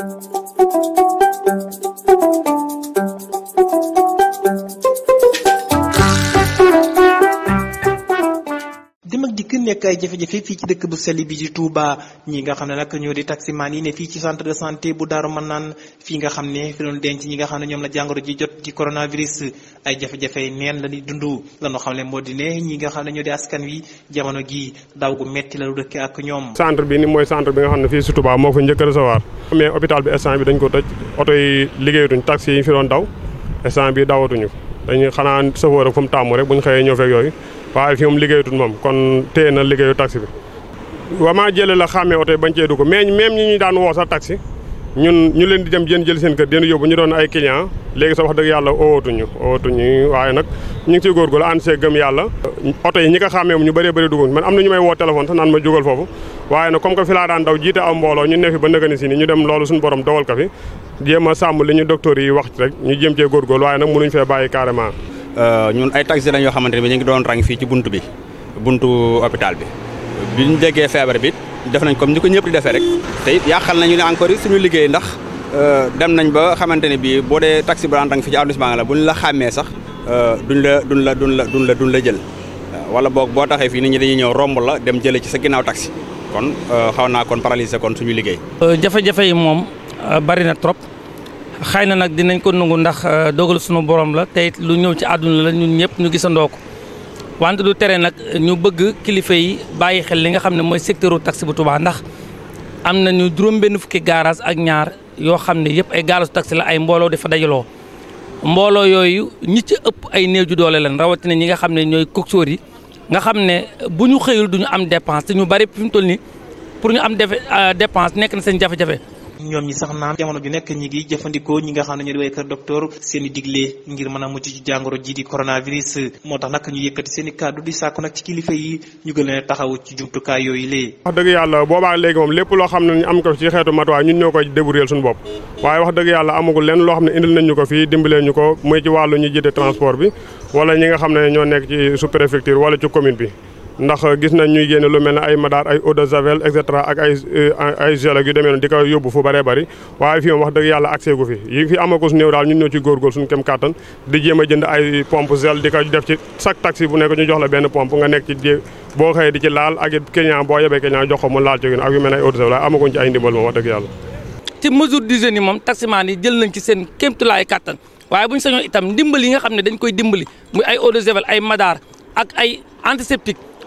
Thank you. ak dikk nekk ay jafe-jafe fii ci dëkk bu sell bi di Touba ñi nga xam ne nag ñoo di taximaan yi ne fii ci centre de santé bu Daaru Manaan fii nga xam ne fi doon denc ñi nga xam ne ñoom la jàngoro ji jot ci coronavirus ay jafe-jafe neen la ñuy dund lanoo xam ne moo di ne ñi nga xam ne ñoo di askan wi jamono gi daw gu metti la lu dëkk ak ñoom. centre bi ni mooy centre bi nga xam ne fii si Touba moo fa njëkk a recevoir. mais hôpital bi instant bi dañ ko tëj oto yi liggéeyatuñ taxi yi fi doon daw instant bi dawatuñu dañuy xanaa sëfoor ak fu mu rek bu ñu xëyee ñëw yooyu waaye fi moom liggéeyutul moom kon téye na liggéeyu taxi bi wamaa jële la xàmmee oto yi bañ cee dugg mais même ñi ñu daan woo sax taxi ñun ñu leen di dem jën jël seen kër den yóbbu ñu doon ay client léegi sax wax dëgg yàlla owootuñu owootuñu waaye nag ñu ngi yàlla oto yi ñi ko xàmmee ñu bëree bëri dugg man am na ñu may woo téléphone sax naan ma jógal foofu waaye nag comme que fi daan daw jiite am mbooloo ñu ne fi ba nëgani si ni ñu dem loolu suñu borom dogal ko fi jéem li ñu docteur yi wax rek ñu jéem cee góorgóorlu waaye nag mënuñ bàyyi carrément Euh, ñun ay taxi lañ yoo xamante ne bi ñu ngi doon rang fii ci buntu bi buntu hôpital bi bi ñu déggee feebar bi def nañ comme ni ko ñëpp di defee rek te it yàqal nañu ne encore suñu liggéey ndax euh, dem nañ ba xamante ne bii boo dee taxi bu daan rang fii ci arrondissement la bu ñu la xàmmee sax euh, duñ la duñ la duñ la duñ la duñ la jël wala boog boo taxee fii nit ñi dañuy ñëw romb la dem jëlee ci sa ginnaaw taxi kon xaw naa kon paralysé kon suñu liggéey. jafe-jafe yi moom bari na trop. xëy na nag dinañ ko nangu ndax euh, dogal sunu boroom la tey lu ñëw ci àdduna la ñun ñëpp ñu gisandoo ko wante du tere nag ñu bëgg kilifa yi bàyyi xel li nga xam ne mooy secteuru taxi bu Touba ndax am nañu juróom-benn fukki garage ak ñaar yoo xam ne yëpp ay garage taxi la ay mbooloo dafa dajaloo. mbooloo yooyu ñi ci ëpp ay néew ju doole lañ rawatina ñi nga xam ne ñooy coxeur yi nga xam ne bu ñu xëyul du ñu am dépense te ñu bari fi mu toll nii pour ñu am euh, dépense nekk na seen jafe ñoom ñi sax naam jamono ju nekk ñi ngi jëfandikoo ñi nga xam ne ñoo di way kër docteur seen i digle ngir mën a mucc ci jàngoro ji di coronavirus moo ñu yëkkati seen i kàddu ci kilifa yi yooyu lée wax dëgg yàlla boobaa léegi moom lépp loo xam ne ñu am ko ci xeetu matuwaay ñun ñoo koy débrouiller suñu bopp waaye loo xam ne indil nañ ñu ko ko muy ci wàllu ñu jiite ñi nga xam ne ñoo nekk ci sous préfecture wala ci commune bi ndax euh, gis nañ ñuy génne lu mel ne ay madaar ay eau de javel et cetera ak ay euh, ay gel ak yu demee noonu di ko yóbbu fu bëree bëri waaye fii moom wax dëgg yàlla accès gu fi yi fi amako su néew di jéem a jënd ay pompe gel di ko def ci chaque taxi bu nekk la benn pompe nga nekk ci boo xëyee di ci laal ak it client boo yebee client jox ko mu laal ci ak yu mel ne ay eau de javel amaguñ ci ay ndimbal moom wax dëgg yàlla ci mesure d'hygiène yi moom taximaan yi jël nañ ci seen kéemtulaay kàttan waaye bu ñu sañoon nga xam ne dañ koy dimbali muy ay eau de javel ay madaar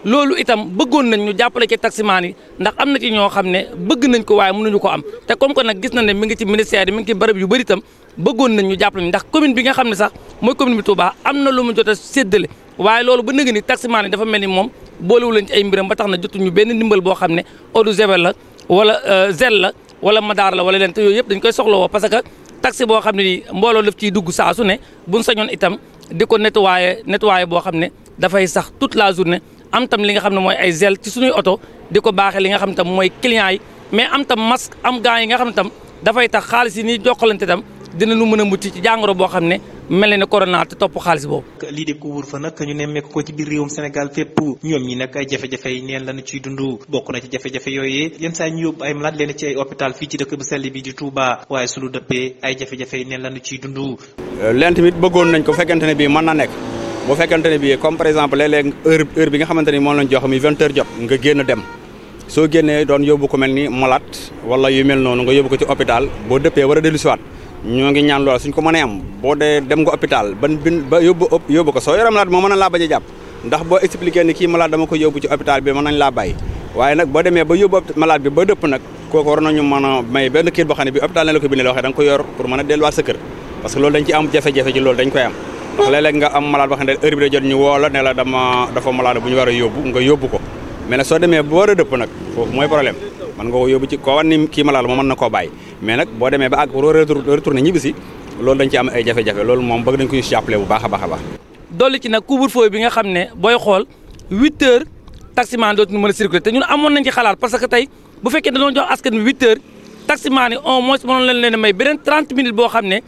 loolu itam bëggoon nañ ñu jàppale ci taximaan yi ndax am na ci ñoo xam ne bëgg nañ ko waaye mun nañu ko am te comme que nag gis nañ ne mi ngi ci ministère yi mi ngi ci bërëb yu bëri itam bëggoon nañ ñu jàppale ndax commune bi nga xam ne sax mooy commune bi Touba am na lu mu jot a séddale waaye loolu ba nëga ni taximaan yi dafa mel ni moom boolu lañ ci ay mbiram ba tax na jotuñu benn ndimbal boo xam ne eau de la wala euh, zel la wala madaar la wala leen te yooyu yëpp dañ koy soxlawoo parce que taxi boo xam ne mbooloo daf ciy dugg saa su ne buñ sañoon itam ko nettoyer nettoyer boo xam ne dafay sax toute la journée am tam li nga xam ne mooy ay gel ci suñuy oto di ko baaxee li nga xam tam mooy client yi mais am tam masque am gants yi nga xam tam dafay tax xaalis yi ni jokkalante tam dina dinañu mën a mucc ci jàngoro boo xam ne mel na ne topp xaalis boobu. lii de couvre-feu nag ñu nemmeeku ko ci biir réewum Sénégal fépp ñoom ñi nag ay jafe-jafe yi neen lañu ciy dund bokk na ci jafe-jafe yooyee yenn saa ñu yóbbu ay malade leen ci ay hôpital fii ci dëkk bu sell bi di Touba waaye su lu dëppee ay jafe-jafe yi neen lañu ciy dund. Euh, leen tamit bëggoon nañ ko fekkante ne bii mën na nekk bu fekkente ne comme par exemple léeg-léeg bi nga xamante ni moom lañ jox mi vingt heures jot nga génn dem soo génnee doon yóbbu ko mel ni malade wala yu mel noonu nga yóbbu ko ci hôpital boo dëppee war a dellu siwaat ngi ñaan lool suñ ko mënee boo dee dem nga hôpital ban bin ba yóbbu yóbbu ko soo yore malade moo mën na laa bañ ndax boo expliqué ni kii malade dama ko yóbbu ci hôpital bi mën nañ laa waaye nag boo demee ba yóbbu malade bi ba dëpp nag kooku war nañu a may ko bindee waxee da nga ko yor pour mën a delluwaat sa kër ndax léeg-léeg a yóbbu nga yóbbu ko mais nag soo demee ba war a dëpp nag foofu mooy problème mën nga ko yóbbu ci koo war ni kii a loolu dañ ci am ay jafe-jafe loolu moom bëgg nañ ko ñu bu baax dolli ci nag couvre-feu bi nga xam ne booy xool huit heures taximan dootuñu mën a circuler te ñun amoon nañ ci xalaat parce que tey bu fekkee dañoo jox askan bi huit heures taximan yi au moins leen may beneen 30 minutes boo xam ne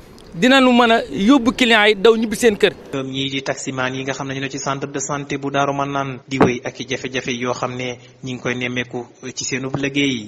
dinañu mën a yóbbu clients yi daw ñibbi seen kër. ñii di taximaan yi nga xam ne ñu ne ci centre de santé bu Daaru naan di wéy ak i jafe-jafe yoo xam ne ñi ngi koy nemmeeku ci seenu liggéey yi.